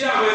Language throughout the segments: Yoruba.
tí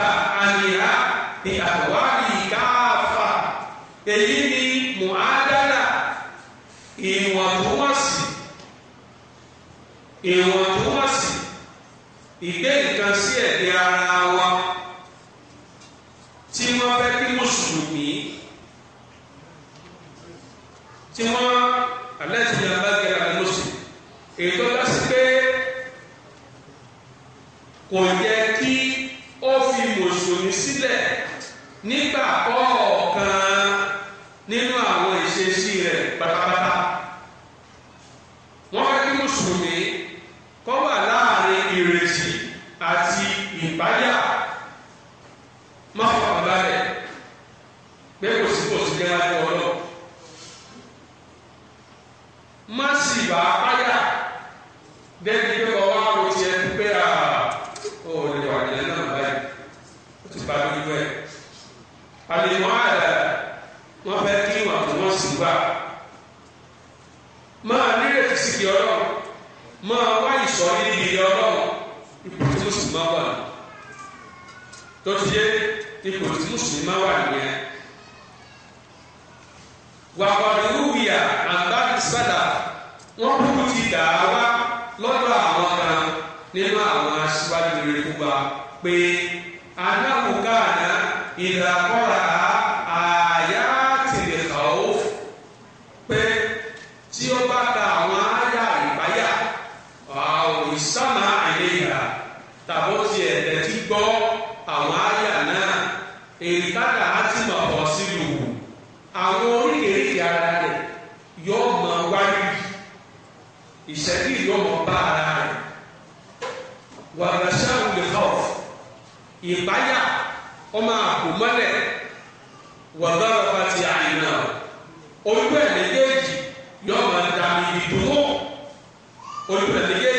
ka'amila bi àwárí káfà èyí ni mu'adala ìwọ̀ntúnwọ̀nsì ìwọ̀ntúnwọ̀nsì ìgbé nǹkan sí ẹ̀dẹ̀ ara wa tí wọ́n fẹ́ kí mùsùlùmí tí wọ́n alẹ́ ti yàn bá gẹ̀rẹ́ kò yẹ sílẹ̀ nígbà kọ̀ọ̀kan nínú àwọn ìṣesí rẹ̀ pátápátá wọ́n fẹ́ kí mùsùlùmí kó wà láàrin ìrètí àti ìpáyà má fọkàn balẹ̀ pé kò sí kò sí kẹ́lá kọ́ ọ lọ má sì bá a. máa wá ìsọ̀rí níbi ìyá ọlọ́run ipò tí mùsùlùmí máa wà ní tó ti yé ipò tí mùsùlùmí máa wà nìyẹn. wàhálà ìwúwìyà àgbàdì sádà wọ́n kúkú ti dà á wá lọ́dọ̀ àwọn kan nínú àwọn aṣíwájú rẹ̀ kúba pé anáwó káàná ìlà kọ́ra. àléhà tàbó tiẹ̀ tẹ́tí gbọ́ àwọn àyà náà èrìkàkà á ti mọ̀ ọ́ sílùú àwọn oríkèéríkèé ara rẹ̀ yóò mọ wáyé ìṣẹ́jú yóò mọ bá ara rẹ̀ wàhálà lè kọ́ ìpáyà ọmọ àpò mọ́lẹ̀ wàhálà bá ti àyìnà ojú ẹ̀ méjèèjì yóò máa dàbí ìdùnnú ojú ẹ̀ méjèèjì.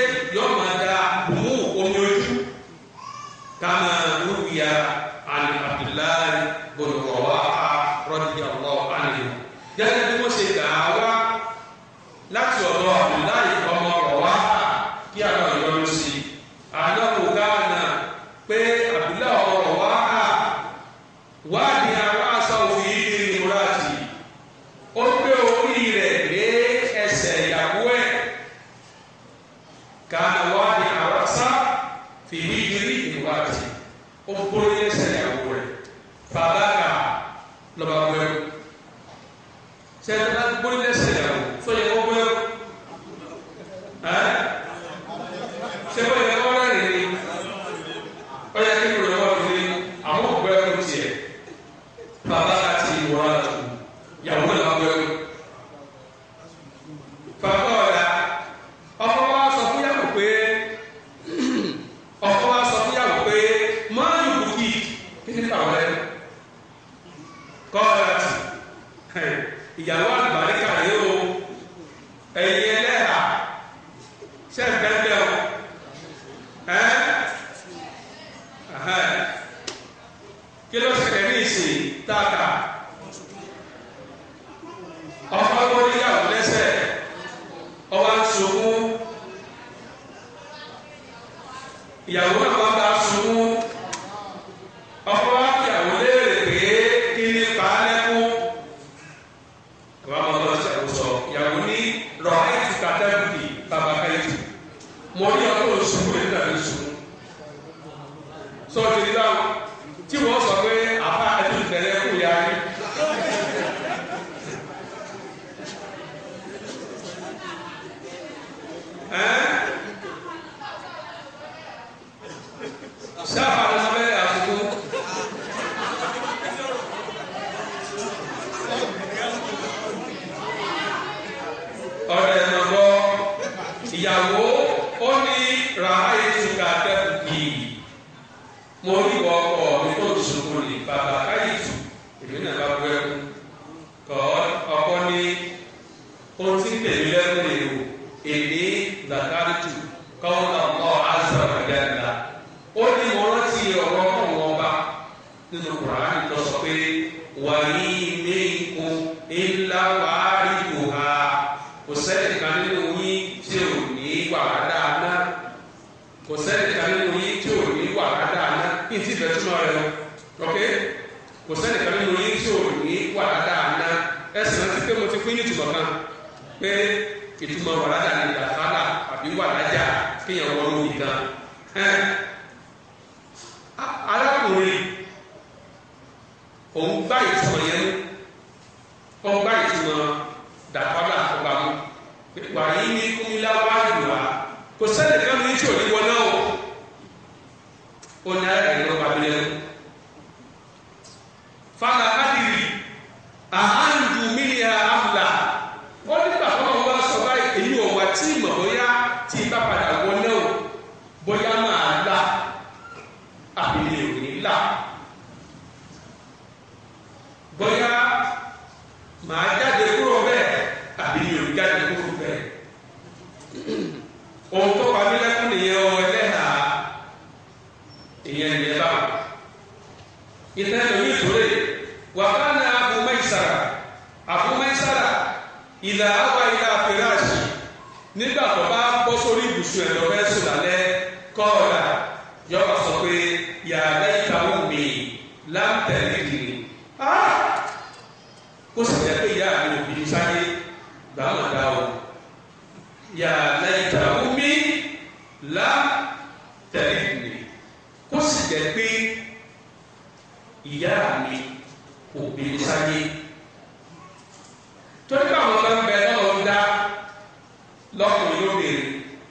pé ìtumọ̀ wàlájà ni dàfàlà àbí wàlájà kéèyàn wọnú nìkan arákùnrin òun gbá ìtumọ̀ yẹn mú òun gbá ìtumọ̀ dàfàlà ọba mú wàyí ní kúmílá wáyé wá kò sẹ́lẹ̀ kan ní tí ò ní wọ náà ó ní arákùnrin ọba mi lẹ́nu fàlà ádìrí àhán. ìyẹn ìyẹn bá ìtẹ́lẹ̀ yìí sóre wà á na Abu Maysara Abu Maysara ìlà àwa ìlà fèrèsì nígbà tó bá bọ́ sórí ibùsùn ẹ̀ lọ́fẹ́ sùn lálẹ́ kọ́ọ̀dà yọ̀ọ́ sọ pé yàrá ìtàwọn mi láǹtẹ̀lẹ́dì ni ìlú sáyé torí káwọn ọmọ ń bẹ lọ́wọ́ ń dá lọ́kùnrin ló béèrè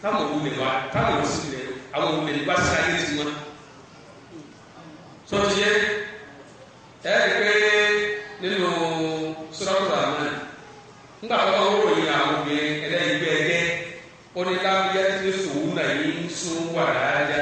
táwọn òun lè wá táwọn òun sì lè àwọn òun lè wá sí ayé tiwọn tó ti yẹ ẹ rí pé nínú sọ́dọ̀tà náà nígbà tó wọn wò ní àwọn obìnrin ẹlẹ́yìn bẹ́ẹ̀ gẹ́ ó ní láwùjẹ́ tí sòwúnà yìí ń sún wàrà ájá.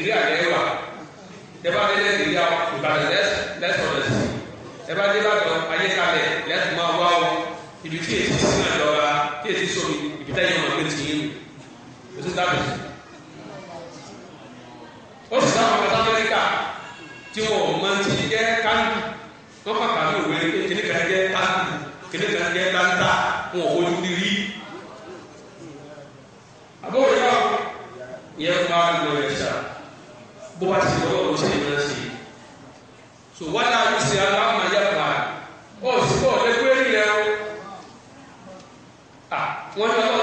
Nàìjíríà lẹ́wà tẹ́ bá délé Nàìjíríà Ìbàdàn lẹ́sọ̀rọ̀ sí tẹ́ bá dé Ìbàdàn ayékalẹ̀ lẹ́sùn máa wá o ibi tí èsì sí àjọra tí èsì sómi ibi tẹ́yìn ọmọ pé tì í nù èsì dábẹ̀. ó sì sáwọn ọmọ Amẹ́ríkà tí wọn ò mọ ti jẹ́ káńtù wọ́n pàpà ní òwe kìnìkan jẹ́ káńtù kìnìkan jẹ́ káńtà wọn ò fojú rí rí. àbúrò yà ó yẹ fún wa lọ bó bá ti ṣe lọ́wọ́ ló ṣe é lọ sí i. so wọ́n náà yóò ṣe aláàmà yàgbà ọ̀ sí bọ́ọ̀ lẹ́gbẹ́rì rẹ o. wọ́n ní ọlọ́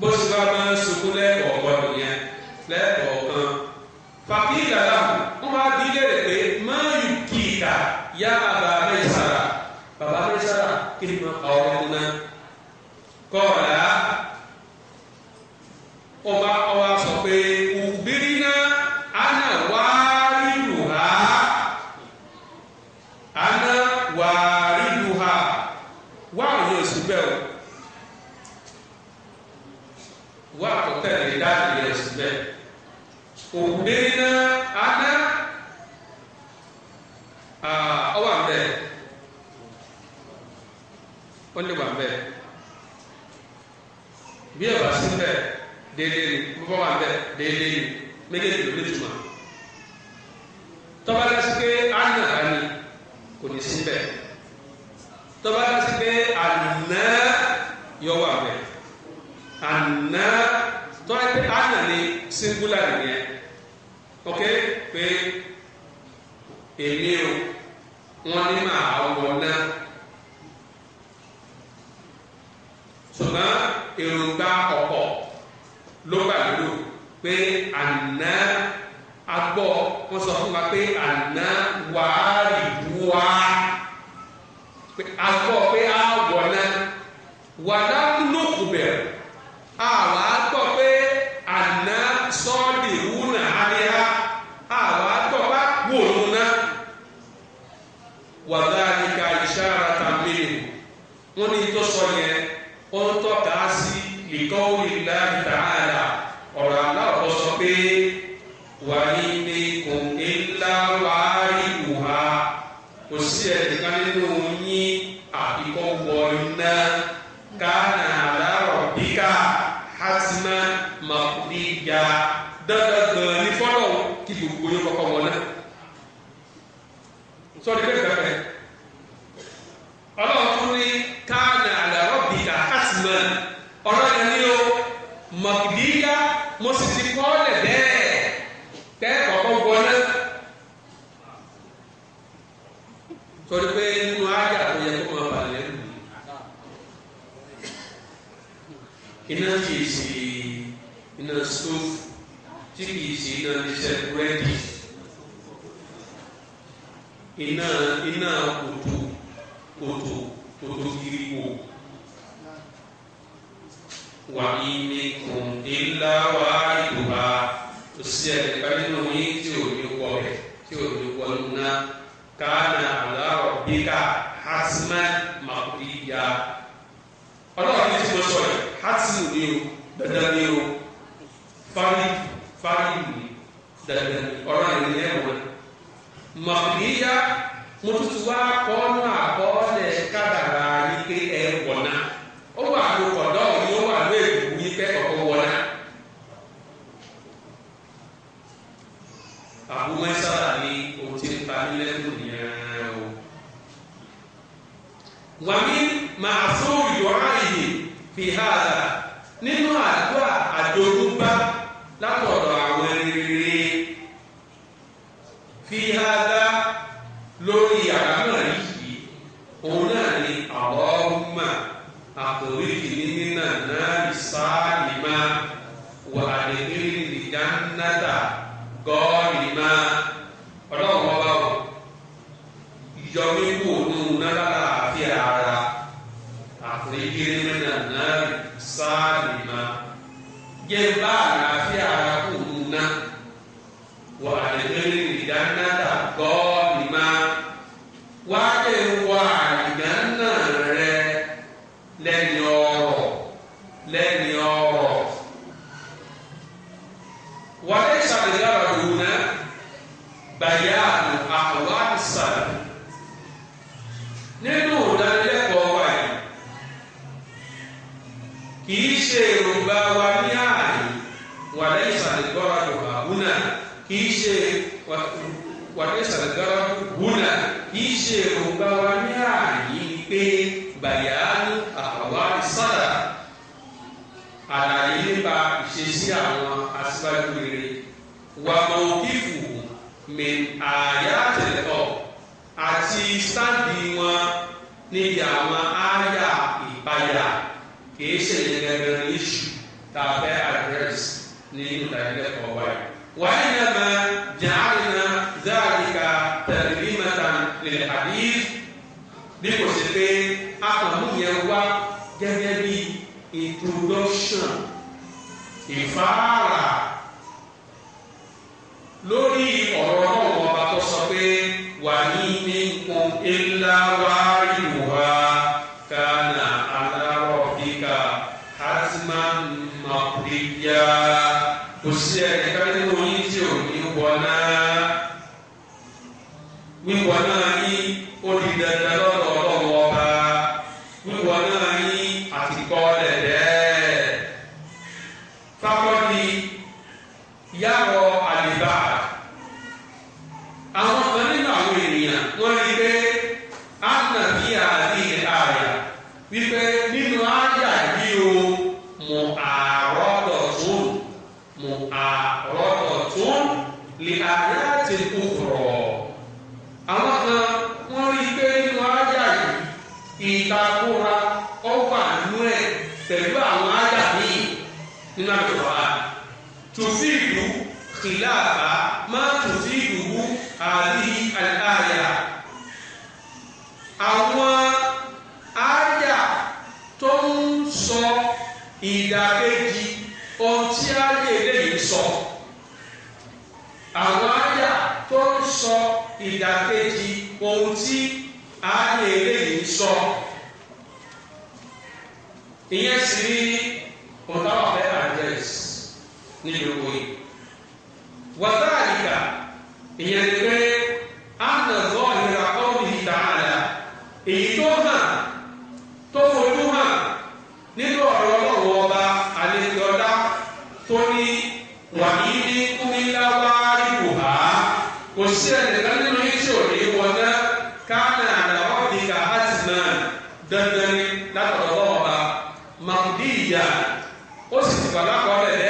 Bozgama, Sucule. sí síbẹ̀ tọ́ba ká sí pé àná yọ wà bẹ̀ àná tọ́ba pé àná ni singular nìyẹn ok pé èmi o wọ́n ní màá wọ̀ náà ṣùgbọ́n èròǹgbà ọ̀pọ̀ ló gbà lódò pé àná agbọ́ wọ́n sọ fún wa pé àná wàá rí wàá akọ pé a wọ̀ náà wàdà lókù bẹ̀rẹ̀ a wà á gbọ́ pé àná sọ́ọ̀dì wúnà àríyá a wà á gbọ́ bá wòrùn náà wàdà àríkà ìṣára tàbí wọn ní tó sọ yẹn ó ń tọ́ka sí ìkọ́wé ìlànà ìtàn àlà ọ̀rọ̀ àwọn. ní kọ́kọ́ wọn náà sọ́ọ́dí bẹ́ẹ̀ bẹ́ẹ̀ bẹ́ẹ̀ ọlọ́run tún ní káànà àdàrọ́ bí i àkásìmọ́ ọ̀rọ̀ yẹn ní o mọ̀kìdíyà mo sì ti kọ́ lẹ̀ bẹ́ẹ̀ tẹ́ kọ́kọ́ wọn náà sọ́ọ́dí pé nínú ayé àtúnyẹ tó máa bà lẹ́nu iná kìí ṣe iná sófù tí kì í ṣe iná iṣẹ́ búrẹ́dì iná iná òtò òtò òtò gíríwò wà ní kùn ilá wà ìdùbà kò sí ẹ̀ka nínú yín tí ò ní wọ rẹ̀ tí ò ní wọ nùnà kánà àlárọ̀ bíkà hasman Fahimi ni dandan ọ̀rọ̀ yẹn ni ẹ̀wọ̀n mọ̀kìlíyà mo tuntun wá kọ́ ọ́nù àkọọ́lẹ̀ kádàrà yìí pé ẹ wọ̀ ná ó wà ló kọ̀dọ̀ yìí ó wà ló èkó yìí pé ọ̀kọ́ wọ̀ ná. àbúmọ̀ sábà ni o ti ń pa mí lẹ́kùn yẹn o. wàmí màá fún ìdọ̀rá yìí fi hàdà nínú àdúrà àdógúnbá látọ̀ bayanu ahwa sara nínú ìdánilẹ́kọ̀ọ́ wa yìí kì í ṣe èròǹgbà wa ní ààyè wà lẹ́yìn sàlẹ̀gbọ́ra yorùbá húnà kì í ṣe wà lẹ́yìn sàlẹ̀gbọ́ra húnà kì í ṣe èròǹgbà wa ní ààyè pé bayanu ahwa sara àlàyé nípa ìṣesí àwọn aṣíwájú rere wà mọ̀ òkìfù min ayatil ọ àti sáàdì wọn níbi àwọn àyà ìpayà kìí ṣe ìrẹ̀rẹ̀ iṣu tàbí àdírẹ́sì ní ìdánilẹ́kọ̀ọ́ wa yìí. wàá yẹ mọ jàǹdà záàlìkà tẹ̀lé mẹ́ta lè àbí bí kò sí pé àkànmú yẹn introduction ìfáàrà. sí ẹnìkan nínú yín tí ò ní wọ náà wíwọ náà. kìláàbá máa tò sí ìlú àbí àyà àwọn àyà tó ń sọ ìdàkejì ohun tí àyà eléyìí sọ àwọn àyà tó ń sọ ìdàkejì ohun tí àyà eléyìí sọ ìyẹn sì ni ọ̀tá ọ̀fẹ́ àjẹs níbi owó wàtáàlìkà ìyẹn ni pé àdàzọ́ ìlera ọ̀rùn ìta àlà èyí tó hàn tó fojú hàn nínú ọ̀rọ̀ ọlọ́wọ́ ọba àlejòdá tó ní wàyí ní kúmílá wá rípò há kò sí ẹnìkan nínú yìí tí ò ní wọná káàná àdàwọ̀ ìka àtìmá dandan ní látọ̀dọ̀ ọlọ́wọ́ ọba màmúdí ìyá ó sì ti wà lákọọ́lẹ̀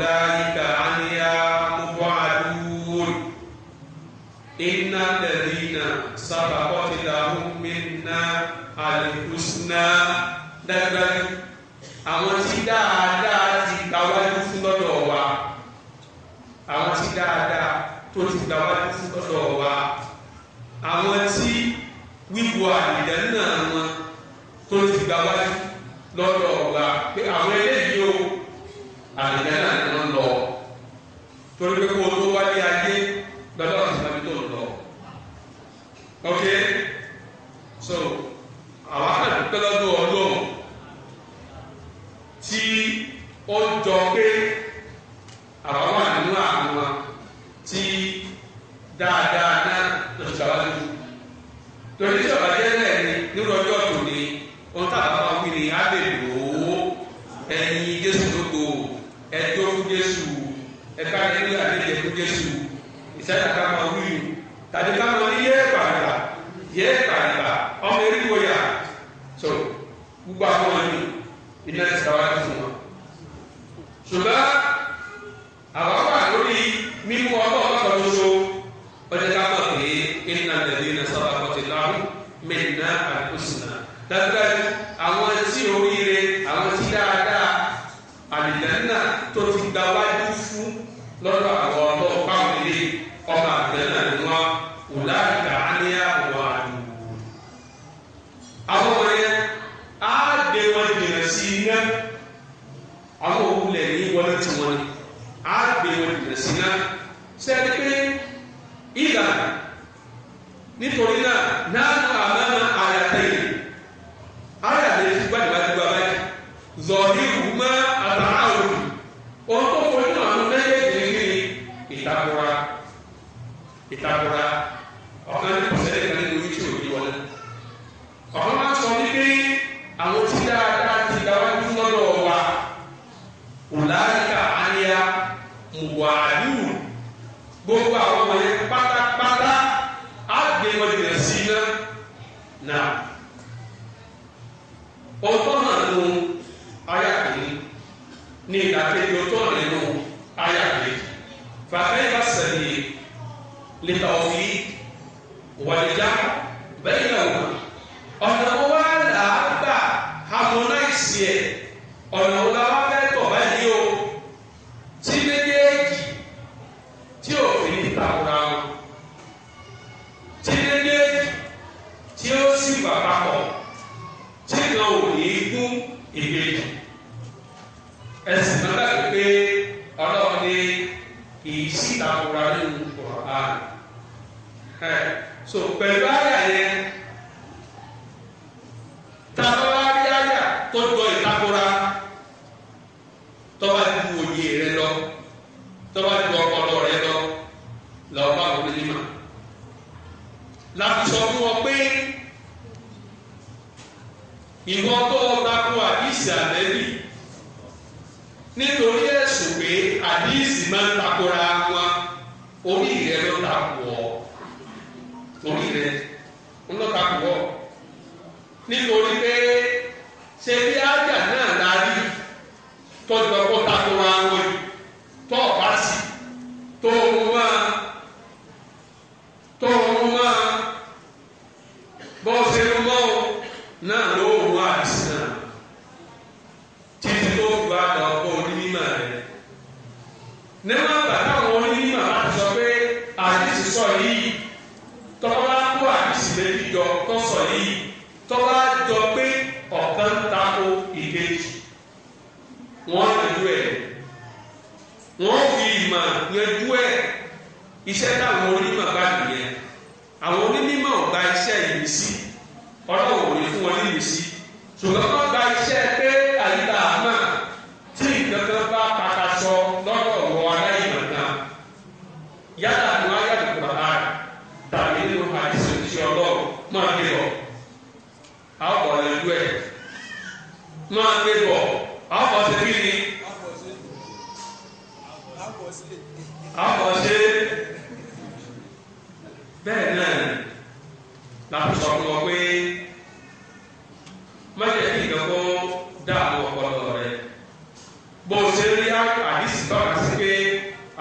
أولئك عنها مبعدون inna الذين سبقت لهم منا الحسنى dájúdájú àwọn tí dáadáa ti gbáwájú fún lọ́dọ̀ wa àwọn tí dáadáa tó ti gbáwájú fún lọ́dọ̀ wa àwọn tí wíwo àdìdẹ́ náà wọn tó ti gbáwájú lọ́dọ̀ wa pé àwọn eléyìí o àdìdẹ́ náà torí pé kó o tó wálé ayé gbàdúrà ìsìlámi tó lọ. ok so àwọn akẹ́kọ̀ọ́ lọ́dún ọlọ́run tí ó jọ pé àwọn wà nínú àwọn tí dáadáa náà lọ́sọ̀ sábà lójú. torí tí ọ̀bàjẹ́ náà ní nírú ọjọ́ tòní ohun tá a bá wá wí ni á bèrè. By the àwọn òwúlẹ̀ ní wọlé tí wọ́n ní á gbé wọn jìnnà sí náà sẹ́ni pé ìlà nítorí náà náà àmàmà àyàtẹ̀yìn àyàtẹ̀yìn ti gbàdúrà dùgbà báyìí zọ̀ọ́dí ìhùmá àtàrà òbí ọ̀n tó fojú àwọn mẹ́rẹ̀ẹ́dì ní ìtakùrà. wajah bainahu ana wala abba harmonize ye ana so pẹ̀lú àyà yẹn tábà wá rí àyà tó jọ ìtakora tọ́ba ju òye rẹ lọ tọ́ba ju ọpọlọ rẹ lọ lọ́ọ́ bá wọlé ní ma láti sọ fún ọ pé ìwọ tó ọba kú àdìsí àlẹ́bí nítorí ẹ̀sùn pé àdìsí máa ń takora wọn orí ìrẹ́lọ́ta wọ̀ ọ́ orí rẹ ńlọ́ta pọ̀ nítorí pé ṣe bí ájà náà la rí tọ́jú ọkọ̀ wọ́n yanjú ẹ̀ wọ́n fi ìmọ̀ yanjú ẹ̀ iṣẹ́ táwọn onímọ̀ bá nìyẹn àwọn onímọ̀ gba iṣẹ́ ìmísí ọlọ́wọ́ ò ní fún wọn ní ìmísí ṣùgbọ́n wọ́n gba iṣẹ́ pé. mọ̀ pé májèlé nìkan kó dáàbò ọpọlọ rẹ bó o ṣe rí àdìsí bára sí pé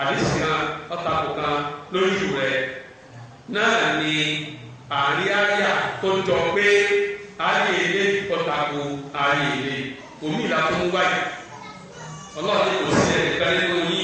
àdìsí kan kan lórí rẹ náà ni tó jọ pé omi ìlà tó ń kò sí